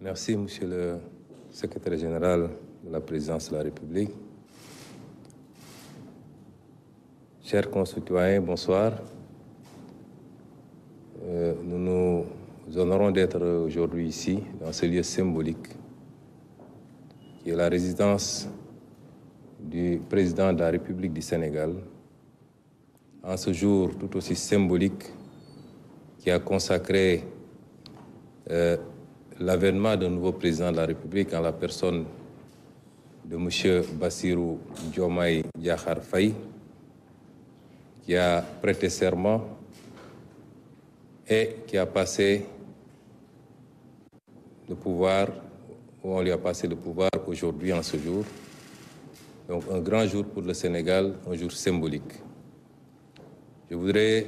Merci, Monsieur le Secrétaire général de la Présidence de la République. Chers concitoyens, bonsoir. Euh, nous nous honorons d'être aujourd'hui ici, dans ce lieu symbolique, qui est la résidence du président de la République du Sénégal, en ce jour tout aussi symbolique qui a consacré euh, l'avènement d'un nouveau président de la République en la personne de M. Bassirou Diomaye Diakhar Faye, qui a prêté serment et qui a passé le pouvoir, ou on lui a passé le pouvoir aujourd'hui en ce jour. Donc un grand jour pour le Sénégal, un jour symbolique. Je voudrais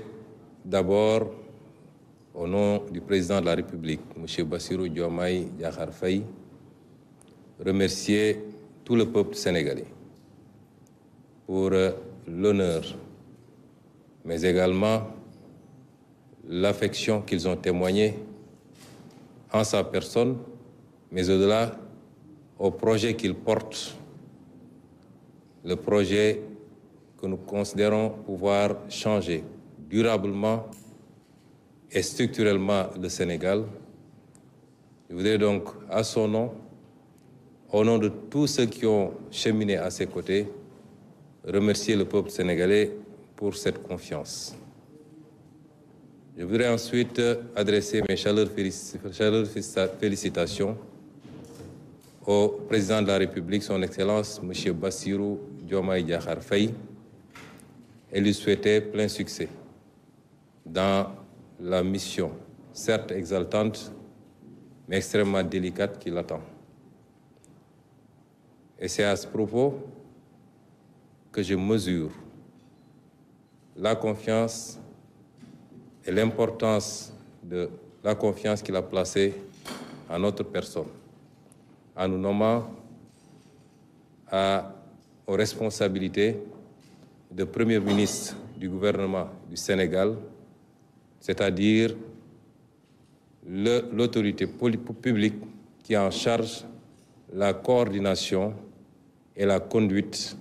d'abord Au nom du président de la République, M. Bassirou Diomaye Diakhar Faye, remercier tout le peuple sénégalais pour euh, l'honneur, mais également l'affection qu'ils ont témoignée en sa personne, mais au-delà au projet qu'il porte, le projet que nous considérons pouvoir changer durablement et structurellement le Sénégal. Je voudrais donc, à son nom, au nom de tous ceux qui ont cheminé à ses côtés, remercier le peuple sénégalais pour cette confiance. Je voudrais ensuite euh, adresser mes chaleureuses félicitations au président de la République, son Excellence, M. Bassirou Diomaye Diakhar Faye, et lui souhaiter plein succès la mission, certes exaltante, mais extrêmement délicate qui l'attend. Et c'est à ce propos que je mesure la confiance et l'importance de la confiance qu'il a placée en notre personne, en nous nommant aux responsabilités de Premier ministre du gouvernement du Sénégal c'est-à-dire l'autorité publique qui en charge la coordination et la conduite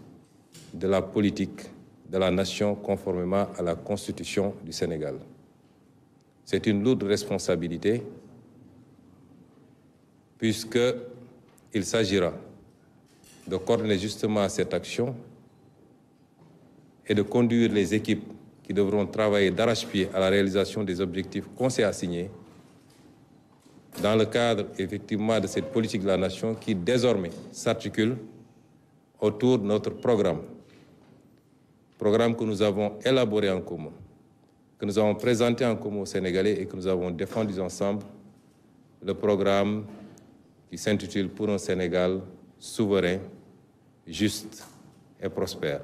de la politique de la nation conformément à la Constitution du Sénégal. C'est une lourde responsabilité puisqu'il s'agira de coordonner justement cette action et de conduire les équipes qui devront travailler darrache à la réalisation des objectifs qu'on s'est assignés dans le cadre effectivement de cette politique de la nation qui désormais s'articule autour de notre programme. Programme que nous avons élaboré en commun, que nous avons présenté en commun aux Sénégalais et que nous avons défendu ensemble le programme qui s'intitule Pour un Sénégal souverain, juste et prospère.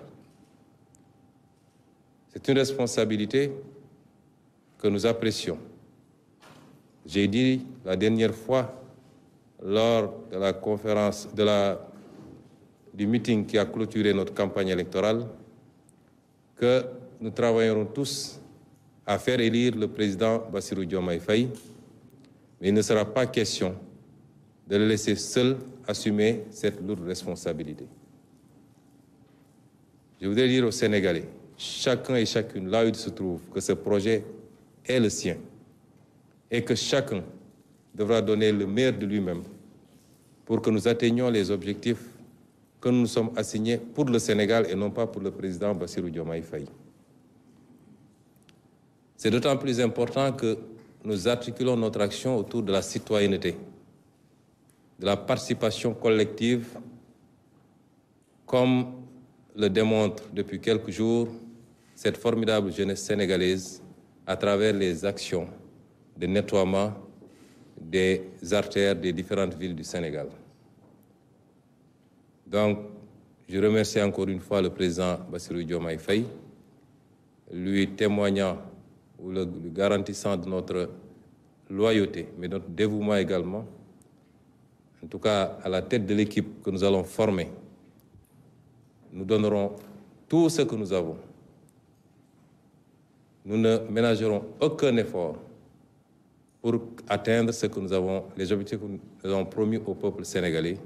C'est une responsabilité que nous apprécions. J'ai dit la dernière fois, lors la conférence, de la, du meeting qui a clôturé notre campagne électorale, que nous travaillerons tous à faire élire le président Bassirou Diomaye Faye, mais il ne sera pas question de le laisser seul assumer cette lourde responsabilité. Je voudrais dire aux Sénégalais, chacun et chacune, là où il se trouve, que ce projet est le sien et que chacun devra donner le meilleur de lui-même pour que nous atteignions les objectifs que nous nous sommes assignés pour le Sénégal et non pas pour le président Bassirou Diomaye Faye. C'est d'autant plus important que nous articulons notre action autour de la citoyenneté, de la participation collective, comme le démontre depuis quelques jours cette formidable jeunesse sénégalaise à travers les actions de nettoiement des artères des différentes villes du Sénégal. Donc, je remercie encore une fois le président Bassirou Diomaye Faye, lui témoignant ou le garantissant de notre loyauté, mais notre dévouement également, en tout cas à la tête de l'équipe que nous allons former. Nous donnerons tout ce que nous avons nous ne ménagerons aucun effort pour atteindre ce que nous avons, les objectifs que nous avons promis au peuple sénégalais,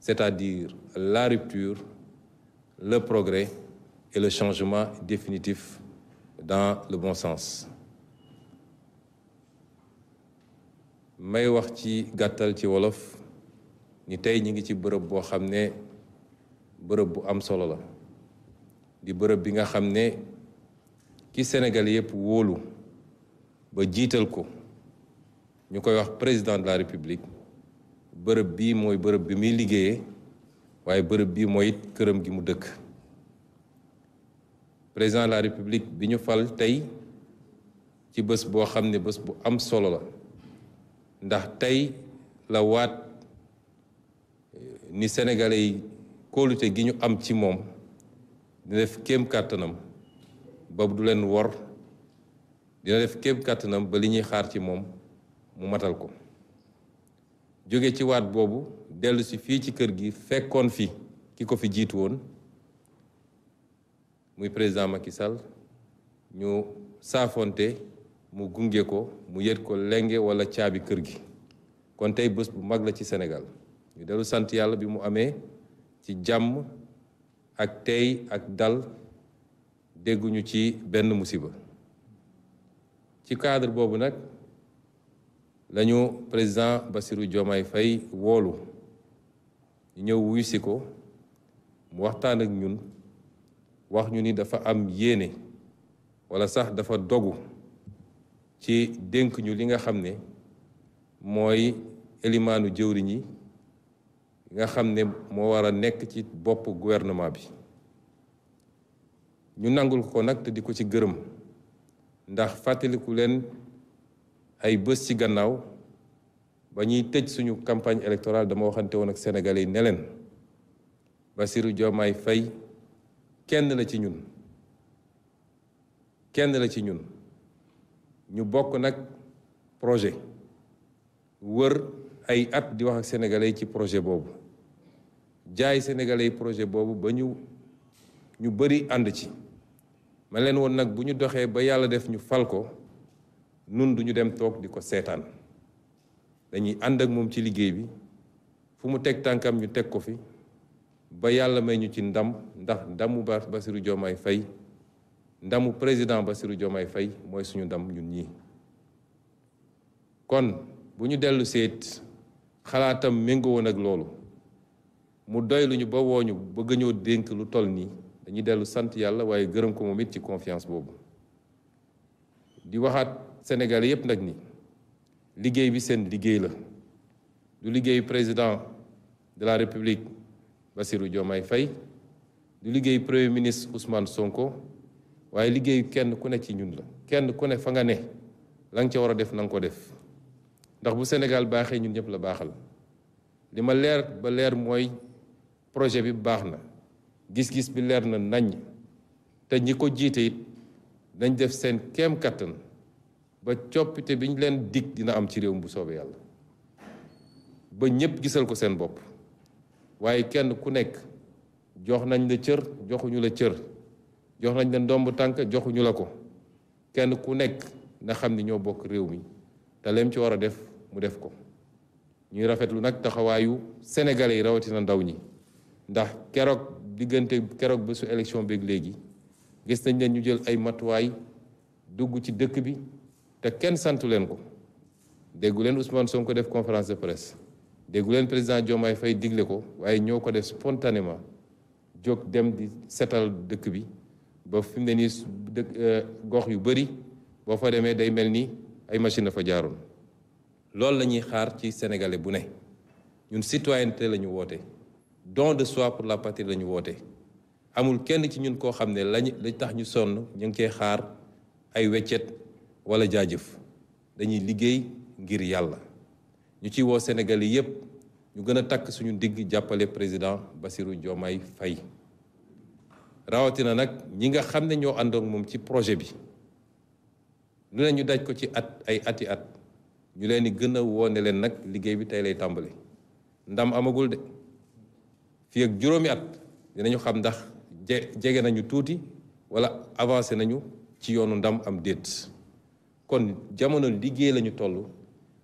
c'est-à-dire la rupture, le progrès et le changement définitif dans le bon sens. may wax ci gàttal ci wolof ni tey ñi ngi ci bërëb boo xam ne bërëb bu am solo la di bërëb bi nga xam ne ki Sénégal yëpp wóolu ba jiital ko ñu koy wax président de la république bërëb bii mooy bërëb bi muy liggéeye waaye bërëb bii mooy it këram gi mu dëkk président de la république bi ñu fal tey ci bés boo xam ne bés bu am solo la ndax tey la waat ni sénégalais yi kóolute gi ñu am ci moom dina def kem kàttanam ba du leen wor dina def képp kàttanam ba li ñuy xaar ci moom mu matal ko jóge ci waat boobu dellusi fii ci kër gi fekkoon fi ki ko fi jiitu woon muy président Macky sal ñu saafonte mu gunge ko mu yët ko lenge wala caabi kër gi kon tey bés bu mag la ci Sénégal ñu dellu sant yàlla bi mu amee ci jàmm ak tey ak dal dégguñu ci benn musiba ci cadre boobu nag lañu président Bassirou Diomaye fay woolu ñëw wuy si ko mu waxtaan ak ñun wax ñu ni dafa am yéene walla sax dafa dogu ci dénk ñu li nga xam ne mooy élimaanu jëwriñ yi nga xam ne moo war a nekk ci bopp gouvernement bi ñu nangul ko nag te di ko ci gërëm ndax fàttaliku leen ay bés ci gannaaw ba ñuy tëj suñu campagne électorale dama waxante woon ak Sénégalais yi ne leen Bassirou Diomaye Faye kenn la ci ñun kenn la ci ñun ñu bokk nag projet wër ay at di wax ak sénégalais ci projet boobu jaay sénégalais projet boobu ba ñu ñu bëri ànd ci man leen woon nag bu ñu doxee ba yàlla def ñu fal ko nun du ñu dem toog di ko seetaan dañuy ànd ak moom ci liggéey bi fu mu teg tànkam ñu teg ko fi ba yàlla may ñu ci ndam ndax ndamu Bassirou Diomaye fay ndamu président Bassirou Diomaye fay mooy suñu ndam ñun nii kon bu ñu dellu seet xalaatam méngoo woon ak loolu mu doy luñu ba wooñu bëgg ñoo dénk lu toll nii dañuy dellu sant yàlla waaye gërëm ko moom it ci confiance boobu di waxaat sénégal yépp nag ni liggéey bi seen liggéey la du liggéey président de la République Bassirou Diomaye Faye du liggéey premier ministre Ousmane Sonko waaye liggéey kenn ku ne ci ñun la kenn ku ne fa nga ne la nga ca war a def na ko def ndax bu Sénégal baaxee ñun ñëpp la baaxal li ma leer ba leer mooy projet bi baax na gis-gis bi leer na nañ te ñi ko jiite it dañ def seen kéem kattan ba coppite bi ñu leen dig dina am ci réew mi bu soobee yàlla ba ñépp gisal ko seen bopp waaye kenn ku nekk jox nañ la cër joxuñu la cër jox nañ la ndomb tànk joxuñu la ko kenn ku nekk na xam ni ñoo bokk réew mi te leem ci war a def mu def ko ñuy rafetlu nag taxawaayu sénégalais yi rawatina ndaw ñi ndax keroog diggante keroog ba su élection beeg léegi gis nañ leen ñu jël ay matuwaay dugg ci dëkk bi te kenn santu leen ko déggu leen Ousmane ko def conférence de presse déggu leen président Diomaye fay digle ko waaye ñoo ko def spontanément jóg dem di setal dëkk bi ba fi mu ne nii dëkk euh, gox yu bëri boo fa demee day mel ni ay machine fa jaaroon loolu lañuy xaar ci sénégalais bu ne ñun citoyenneté la ñu woote. don de soi pour la patrie lañu woote amul kenn ci ñun koo xam ne lañ lañ tax ñu sonn ñu ngi koy xaar ay weccet wala jaajëf dañuy liggéey ngir yàlla ñu ci woo Sénégal yi yépp ñu gën a takk suñu digg jàppale président Bassirou Diomaye fay rawatina nag ñi nga xam ne ñoo àndoon moom ci projet bi lu ne ñu daj ko ci at ay ati at ñu leen di gën a woone leen nag liggéey bi tey lay tàmbali ndam amagul de fii ak juróomi at dinañu xam ndax je jege nañu tuuti wala avancé nañu ci yoonu ndam am déet kon jamono liggéey lañu toll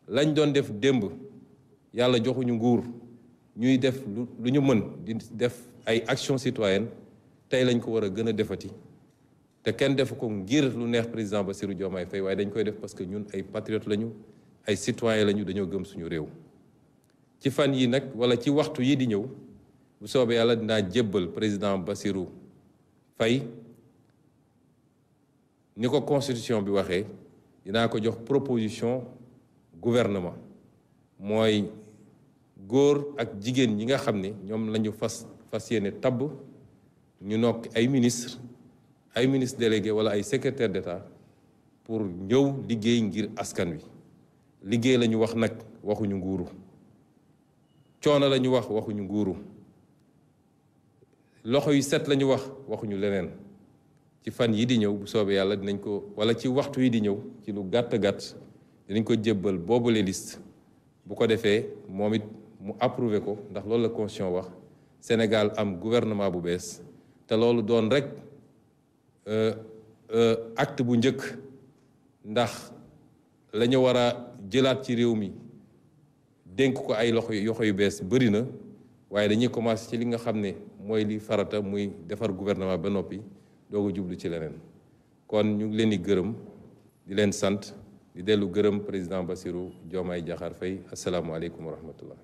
lañ doon def démb yàlla joxuñu nguur ñuy def lu lu ñu mën di def ay action citoyenne tey lañ ko war a gën a defati te kenn defu ko ngiir lu neex président ba Bassirou Diomaye Faye waaye dañ koy def parce que ñun ay patriotes lañu ay citoyens lañu dañoo gëm suñu réew ci fan yi nag wala ci waxtu yi di ñëw bu soobee yàlla dinaa jébbal président Bassirou fay ni ko constitution bi waxee dinaa ko jox proposition gouvernement mooy góor ak jigéen ñi nga xam ni ñoom la ñu fas fas yéene tabb ñu nokk ay ministre ay ministre délégué wala ay secrétaire d'État pour ñëw liggéey ngir askan wi liggéey lañu wax nag waxuñu nguuru coono la wax waxuñu nguuru loxo yu set la ñu wax waxuñu leneen ci fan yi di ñëw bu soobee yàlla dinañ ko wala ci waxtu yi di ñëw ci lu gàtt gàtt dinañ ko jébbal boobu liste bu ko defee moom it mu approuvé ko ndax loolu la constitution wax Sénégal am gouvernement bu bees te loolu doon rek euh, euh, act bu njëkk ndax lañu ñu war a jëlaat ci réew mi dénk ko ay loxo yoxo yu bees bëri na waaye dañuy commencé ci li nga xam ne mooy li farata muy defar gouvernement ba noppi doo ko jublu ci leneen kon ñu ngi leen di gërëm di leen sant di dellu gërëm président basiru joomaay Diakhar Faye asalaamualeykum wa rahmatullah